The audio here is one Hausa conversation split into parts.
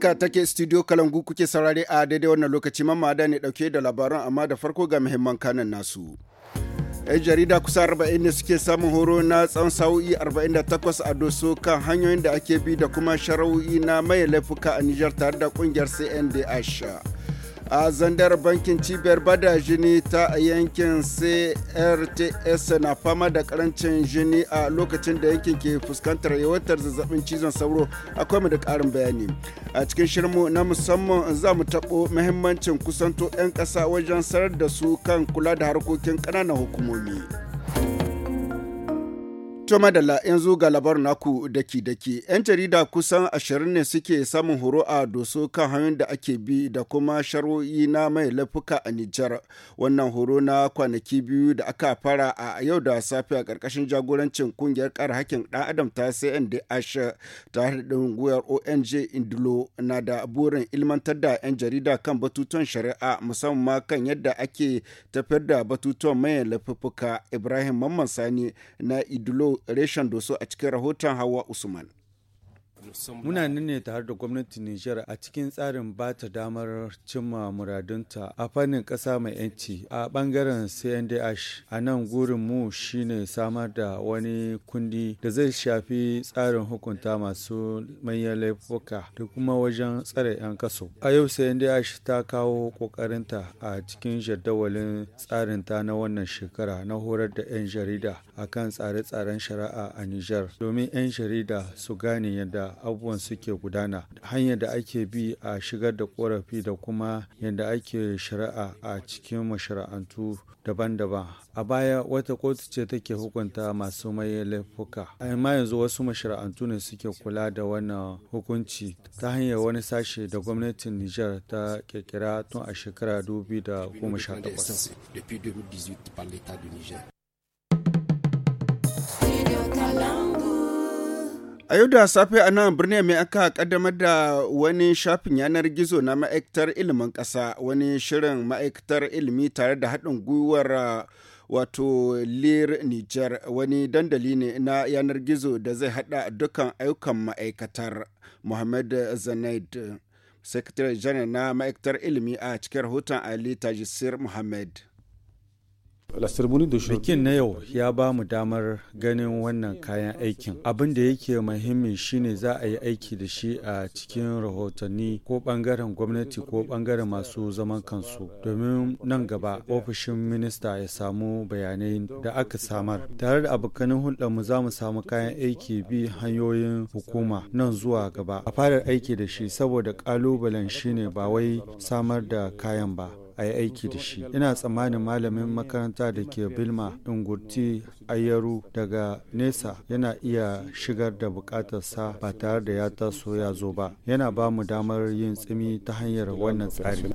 Haka take studio Kalangu kuke saurare a daidai wannan lokaci mamada ne dauke da labaran amma da farko ga muhimman kanan nasu. 'yan jarida kusa 40 ne suke samun horo na tsawon sa'o'i 48 a doso kan hanyoyin da ake bi da kuma shara'o'i na mai laifuka a Nijar tare da kungiyar CNDH. a zandar bankin cibiyar bada jini ta yankin crts na fama da karancin jini a lokacin da yankin ke fuskantar yawantar zazzabin cizon sauro akwai mu da karin bayani a cikin shirmu na musamman za mu taɓo mahimmancin kusanto 'yan ƙasa wajen sanar da su kan kula da harkokin ƙananan hukumomi. To madalla yanzu ga labar naku daki-daki. 'Yan jarida kusan ashirin ne suke samun horo a doso kan hanyoyin da ake bi da kuma sharo'i na mai laifuka a Nijar. Wannan horo na kwanaki biyu da aka fara a yau da safe a karkashin jagorancin kungiyar kare hakkin ɗan adam ta CNDH ta haɗin gwiwar ONG Indilo na da burin ilmantar da 'yan jarida kan batutuwan shari'a musamman kan yadda ake tafiyar da batutuwan mai laifuka Ibrahim Mamman Sani na idlo reshen doso a cikin rahoton Hawa Usman. Muna nan ne tare da gwamnatin Nijar a cikin tsarin ba ta damar cimma muradunta a fannin ƙasa mai 'yanci a ɓangaren CNDH. A nan gurin mu shine samar da wani kundi da zai shafi tsarin hukunta masu manyan laifuka da kuma wajen tsare 'yan kaso. A yau CNDH ta kawo ƙoƙarinta a cikin jadawalin tsarinta na wannan shekara na horar da 'yan jarida akan tsare-tsaren shari'a a Nijar domin 'yan jarida su gane yadda abubuwan suke gudana hanyar da ake bi a shigar da korafi da kuma yadda ake shari'a a cikin mashara'antu daban-daban a baya wata kotu ce take hukunta masu mai laifuka amma yanzu wasu mashara'antu ne suke kula da wannan hukunci ta hanyar wani sashe da gwamnatin niger ta kirkira tun a shekara 2018 A yau da safe a nan birni mai aka kaddamar da wani shafin yanar gizo na ma'aikatar ilimin ƙasa wani shirin ma'aikatar ilimi tare da haɗin gwiwar uh, wato lir niger wani dandali ne na yanar gizo da zai haɗa dukkan ayyukan ma'aikatar Muhammad Zanaid, Sakatare janar na ma'aikatar ilimi a cikin rahoton Ali Tajisir Muhammad. Bikin na yau ya ba mu damar ganin wannan kayan aikin. Abin da yake muhimmi shine za a yi aiki da shi a cikin rahotanni ko bangaren gwamnati ko bangaren masu zaman kansu domin nan gaba ofishin minista ya samu bayanai da aka samar. Tare da abokanin mu za mu samu kayan aiki bi hanyoyin hukuma nan zuwa gaba. A fara aiki da shi saboda ƙalubalen shine ba wai samar da kayan ba. a yi aiki da shi ina tsammanin malamin makaranta da ke bilma ingurti ayyaru daga nesa yana iya shigar da bukatarsa ba tare da ya taso ya zo ba yana ba mu damar yin tsimi ta hanyar wannan tsari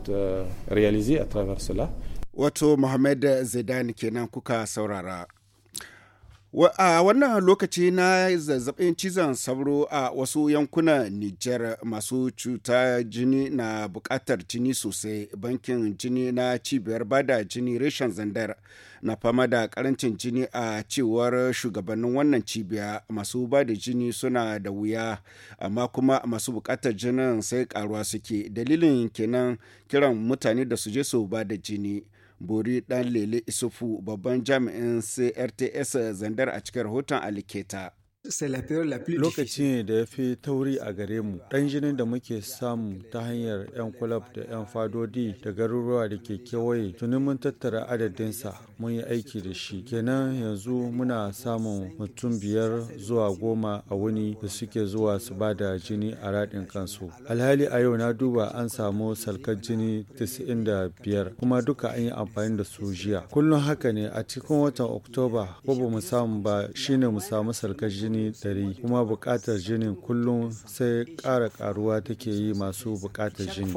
wato muhammad zidane kenan kuka saurara A wannan lokaci na zazzabin cizon sauro a wasu yankunan Nijar masu cuta jini na buƙatar jini sosai bankin jini na cibiyar bada jini reshen zandar na fama da karancin jini a cewar shugabannin wannan cibiya masu bada jini suna da wuya amma kuma masu buƙatar jinin sai karuwa suke dalilin kenan kiran mutane da su je su bada jini Bori Dan Lele Isufu babban jami'in CRTS zandar a cikin rahoton Aliketa. Lokaci ne da ya fi tauri a gare mu. Ɗan jinin da muke samu ta hanyar 'yan kulab da 'yan fadodi da garuruwa da ke kewaye tuni mun tattara adadinsa mun yi aiki da shi. Kenan yanzu muna samun mutum biyar zuwa goma a wani da suke zuwa su ba da jini a raɗin kansu. Alhali a yau na duba an samu salkar jini da biyar kuma duka an yi amfani da su jiya. Kullum haka ne a cikin watan Oktoba ko ba mu samu ba shine mu samu salkar jini jini 100 kuma bukatar jini kullum sai kara karuwa take yi masu bukatar jini.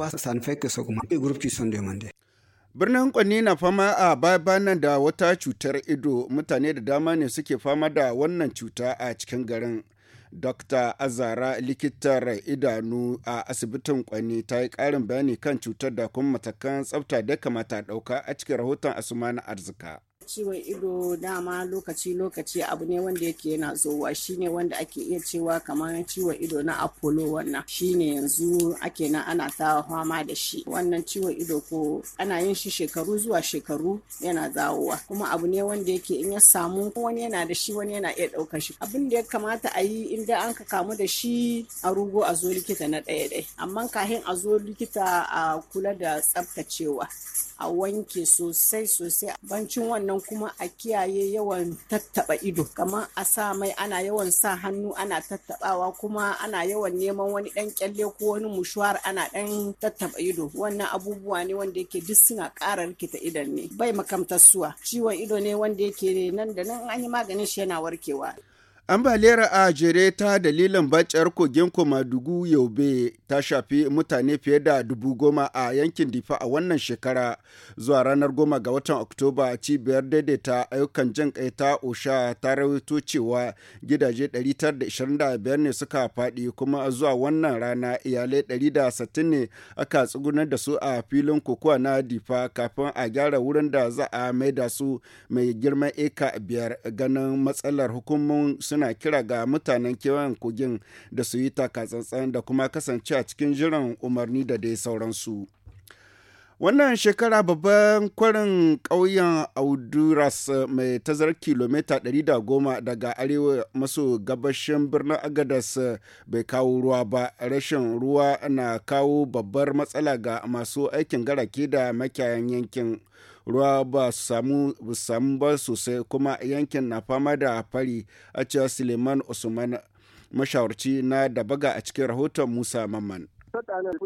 Birnin Kwanni na fama a babana da wata cutar ido mutane da dama ne suke fama da wannan cuta a cikin garin. Dr. Azara likitar idanu a asibitin Kwanni ta yi karin bayani kan cutar da kuma matakan tsafta da kamata ɗauka a cikin rahoton na Arzika. ciwon ido dama lokaci-lokaci abu ne wanda yake yana zowa shine wanda ake iya cewa kamar ciwon ido na apollo wannan shine yanzu ake na ana ta fama da shi wannan ciwon ido ko ana yin shi shekaru zuwa shekaru yana zawowa kuma abu ne wanda yake in ya samu wani yana da shi wani yana iya ɗaukar shi abin da ya kamata a yi inda an ka kamu da shi a rugo a zo likita na ɗaya ɗaya amma kahin a zo likita a kula da tsaftacewa a wanke sosai sosai bancin wannan kuma a kiyaye yawan tattaba ido kamar a sa mai ana yawan sa hannu ana tattabawa kuma ana yawan neman wani dan kyalle ko wani mushuwar ana dan tattaba ido wannan abubuwa ne wanda yake duk suna ƙara rikita idon ne bai makamtar suwa ciwon ido ne wanda yake nan da nan an yi maganin shi yana warkewa Ambaliyar a jere ta dalilin baciyar kogin Komai-Dugu yaube ta shafi mutane fiye da dubu goma a yankin Difa a wannan shekara zuwa ranar goma ga watan Oktoba cibiyar daidaita ayyukan jin kai ta OSHA ta rawaito cewa gidaje 925 ne suka faɗi kuma zuwa wannan rana iyalai 160 ne aka tsugunar da su a filin kokowa na Difa kafin a gyara wurin da za a mai da su mai girman eka biyar ganin matsalar hukumomin suna kira ga mutanen kewayen kogin da su yi takatsantsan da kuma kasance a cikin jiran umarni da dai sauransu. Wannan shekara babban kwarin ƙauyen Auduras mai tazar kilomita 110 daga arewa maso gabashin birnin Agadas bai kawo ruwa ba. Rashin ruwa na kawo babbar matsala ga masu aikin garake da makiyayan yankin. ruwa ba samu ba sosai kuma yankin na fama da fari a cewa suleiman usman mashawarci na dabaga a cikin rahoton musa mamman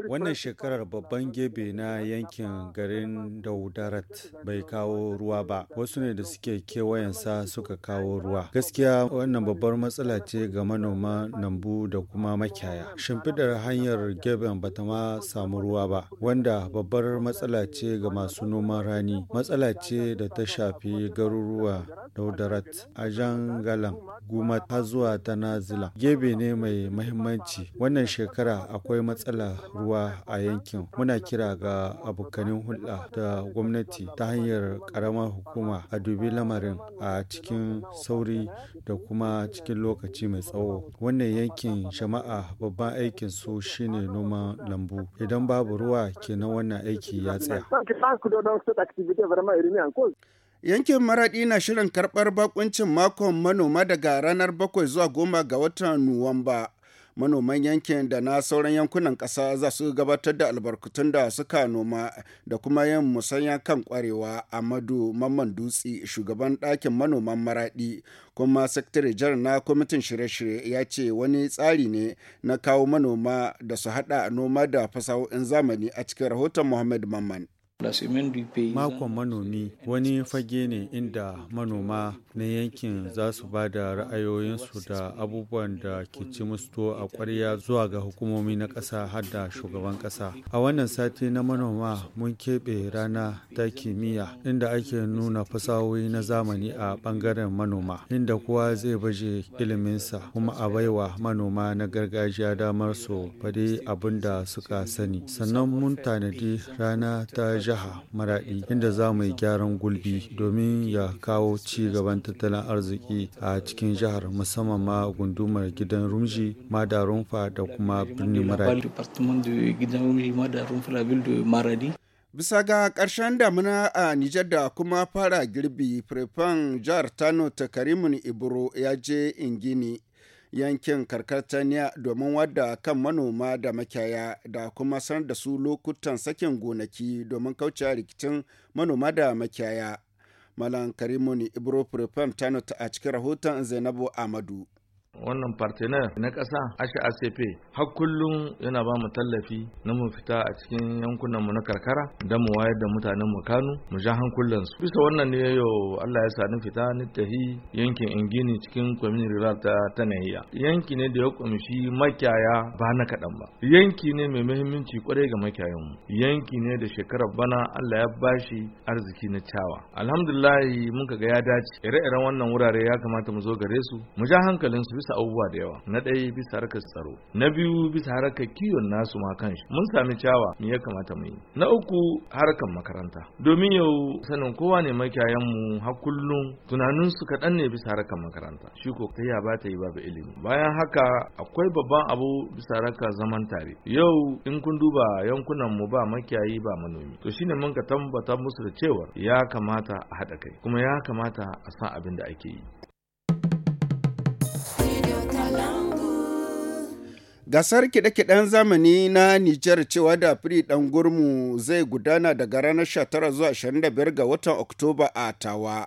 Wannan shekarar babban gebe na yankin garin Daudarat bai kawo ruwa ba, wasu ne da suke kewayensa suka kawo ruwa. Gaskiya wannan babbar matsala ce ga manoma nambu da kuma makiyaya. Shimfidar hanyar geben bata ma samu ruwa ba, wanda babbar matsala ce ga masu noman rani. Matsala ce da ta shafi garuruwa Daudarat, a Jangalan, Gumat har zuwa Tanazila. Gebe ne mai mahimmanci. Wannan shekara akwai matsala matsala ruwa a yankin muna kira ga abokanin hulɗa da gwamnati ta hanyar ƙaramar hukuma a dubi lamarin a cikin sauri da kuma cikin lokaci mai tsawo wannan yankin jama'a babban aikin su shine noman lambu idan babu ruwa kenan wannan aiki ya tsaya Yankin Maraɗi na shirin karɓar bakuncin makon manoma daga ranar bakwai zuwa goma ga watan Nuwamba. manoman yankin da na sauran yankunan ƙasa za su gabatar da albarkatun da suka noma da kuma yin musanya kan kwarewa amadu mamman dutse shugaban ɗakin manoman maraɗi kuma sakatare jar na kwamitin shirye-shirye ya ce wani tsari ne na kawo manoma da su haɗa noma da fasahohin zamani a cikin rahoton muhammad mamman. Makon manomi wani fage ne inda manoma na yankin za su ba da ra'ayoyinsu da abubuwan da ke ci musu a kwarya zuwa ga hukumomi na ƙasa har da shugaban ƙasa. A wannan sati na manoma mun keɓe rana ta kimiyya inda ake nuna fasahohi na zamani a ɓangaren manoma inda kowa zai baje iliminsa kuma a baiwa manoma na gargajiya damar su faɗi abin da suka sani. Sannan mun tanadi rana ta jiha maraɗi inda za mu yi gyaran gulbi domin ya kawo ci gaban tattalin arziki a cikin jihar musamman ma gundumar gidan rumji rumfa da kuma birni maradi bisa ga karshen damuna a Nijar da kuma fara girbi, Prefan jihar Tano ta Karimun Ibro ya je Ingini yankin karkataniya domin wadda kan manoma da makiyaya da kuma sanar da su lokutan sakin gonaki domin kauce rikicin manoma da makiyaya. Malam Karimuni Ibro Prepam Tanut a cikin rahoton Zainabu Amadu. wannan partner na ƙasa ashe acp har kullum yana ba mu tallafi na mu fita a cikin yankunan mu na karkara da mu wayar da mutanen mu kanu mu ja hankulan su bisa wannan ne yau Allah ya sa ni fita ni tahi yankin ingini cikin community rural ta tanahiya yanki ne da ya kumshi makiyaya ba na kaɗan ba yanki ne mai muhimmanci kwarai ga makiyayan mu yanki ne da shekarar bana Allah ya bashi arziki na cawa alhamdulillah mun ga ya dace ire-iren wannan wurare ya kamata mu zo gare su mu ja hankalin su bisa abubuwa da yawa na ɗaya bisa harkar tsaro na biyu bisa harkar kiwon nasu ma kanshi mun sami cawa me ya kamata mu yi na uku harkar makaranta domin yau sanin kowa ne makiyayan mu har kullum tunanin su kaɗan ne bisa harkar makaranta shi ko ta ya ba ta yi babu ilimi bayan haka akwai babban abu bisa harkar zaman tare yau in kun duba yankunan mu ba makiyayi ba manomi to shine mun ka tambata musu da cewa ya kamata a haɗa kai kuma ya kamata a san abin da ake yi Gasar kiɗe-kiɗen zamani na Nijar cewa da firi ɗan gurmu zai gudana daga ranar 19 zuwa 25 ga watan Oktoba a Tawa.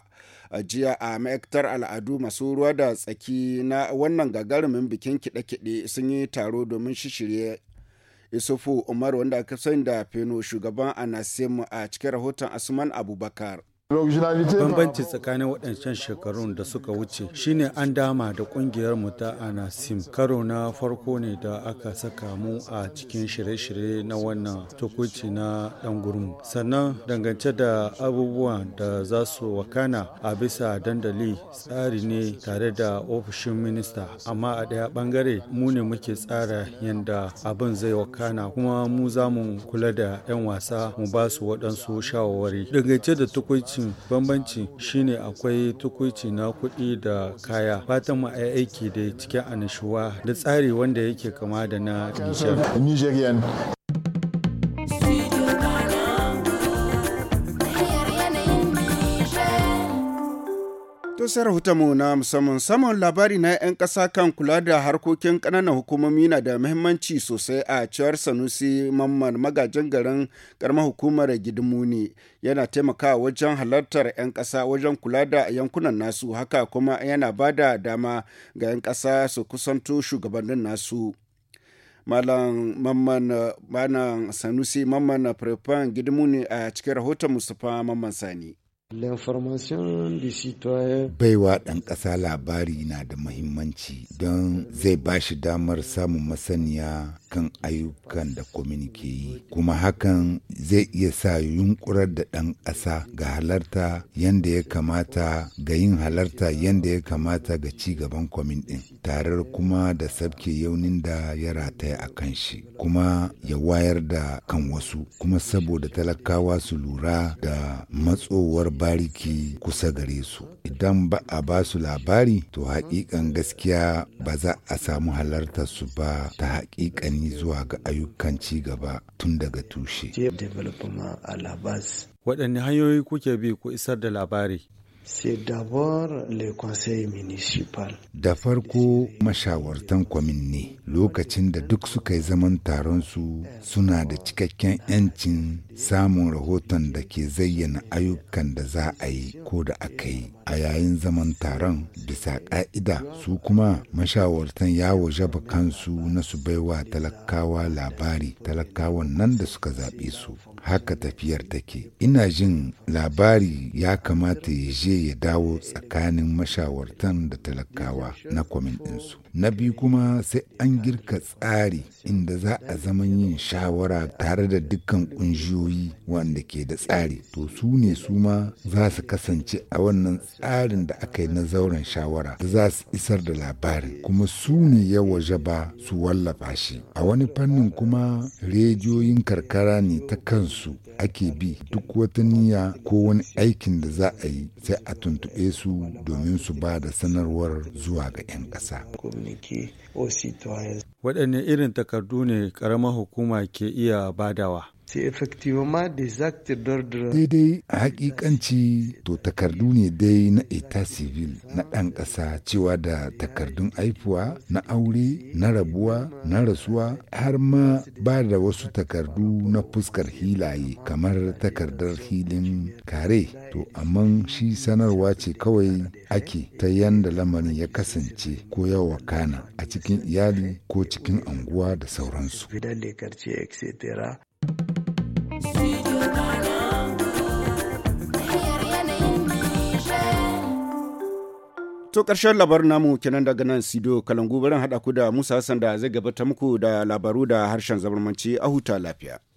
a jiya a ma'aikatar al'adu masu ruwa da tsaki na wannan gagarumin bikin kiɗe-kiɗe sun yi taro domin shishirye isufu umar wanda aka sani da feno shugaban anasim a cikin rahoton asuman abubakar Bambanci tsakanin waɗancan shekarun da suka wuce shine an dama da ƙungiyar mu ta Anasim. Karo na farko ne da aka saka mu a cikin shirye-shirye na wannan tukuci na ɗan gurmu. Sannan dangance da abubuwan da za su wakana a bisa dandali tsari ne tare da ofishin minista. Amma a ɗaya ɓangare mu ne muke tsara yadda abin zai wakana kuma mu za mu kula da 'yan wasa mu ba su waɗansu shawarwari. Dangance da tukuci bambancin bambanci shine akwai tukuici na kuɗi da kaya fatan mu ai aiki da cikin anishuwa da tsari wanda yake kama da na Niger. To sai mu na musamman samun labari na 'yan ƙasa kan kula da harkokin kananan hukumomi na da muhimmanci sosai a cewar Sanusi Mamman magajin garin ƙaramar hukumar Gidimuni yana taimakawa wajen halartar 'yan kasa wajen kula da yankunan nasu haka kuma yana ba da dama ga 'yan ƙasa su kusanto shugabannin nasu. Malam Mamman Sanusi Mamman Prefan Gidimuni a cikin rahoton Mustapha Mamman Sani. Baiwa ɗan ƙasa labari na da muhimmanci don zai ba shi damar samun masaniya kan ayyukan da kwamini ke yi, kuma hakan zai iya sa yunkurar da ɗan ƙasa ga halarta yadda ya kamata ga yin halarta yadda ya kamata ga ci gaban kwamin ɗin, tare kuma da sabke yaunin da ya rataya a kan shi, kuma ya wayar da kan wasu, kuma saboda talakawa su lura da matsowar bariki kusa gare su idan ba a ba su labari to hakikan gaskiya ba za a samu halartar su ba ta hakikani zuwa ga ayyukan ci gaba tun daga tushe waɗanne hanyoyi kuke bi ku isar da labari Da farko mashawartan kwamin ne lokacin da duk suka yi zaman taron su suna da cikakken 'yancin samun rahoton da ke zayyana ayyukan da za a yi ko da aka yi a yayin zaman taron bisa ƙa'ida su kuma mashawartan ya waje kansu na su baiwa talakawa labari talakawan nan da suka zaɓe su haka tafiyar take ina jin labari ya kamata ya je ya dawo tsakanin mashawartan da talakawa na kwamin ɗinsu na biyu kuma sai an girka tsari inda za a zaman yin shawara tare da dukkan kungiyoyi wanda ke da tsari to su ne su ma za su kasance a wannan tsarin da aka yi na zauren shawara da za su isar da labarin kuma su ne ya waje ba su wallafa shi a wani fannin kuma rediyoyin karkara ne ta kansu ake bi duk wata niyya ko wani aikin da za a yi sai a tuntuɓe su domin su ba da sanarwar zuwa ga 'yan ƙasa. communiquer Waɗanne irin takardu ne ƙaramar hukuma ke iya badawa? daidai a hakikanci to takardu ne dai na eta civil na ɗan ƙasa cewa da takardun aifuwa na aure na rabuwa na rasuwa har ma ba da wasu takardu na fuskar hilaye kamar takardar hilin kare to amma shi sanarwa ce kawai ake ta yanda lamarin ya kasance ko yawa kana a cikin iyali ko cikin anguwa da sauransu. To ƙarshen labarin namu kenan daga nan Sido Kalangu barin haɗa ku da Musa Hassan da zai gabata muku da labaru da harshen zamanci a huta lafiya.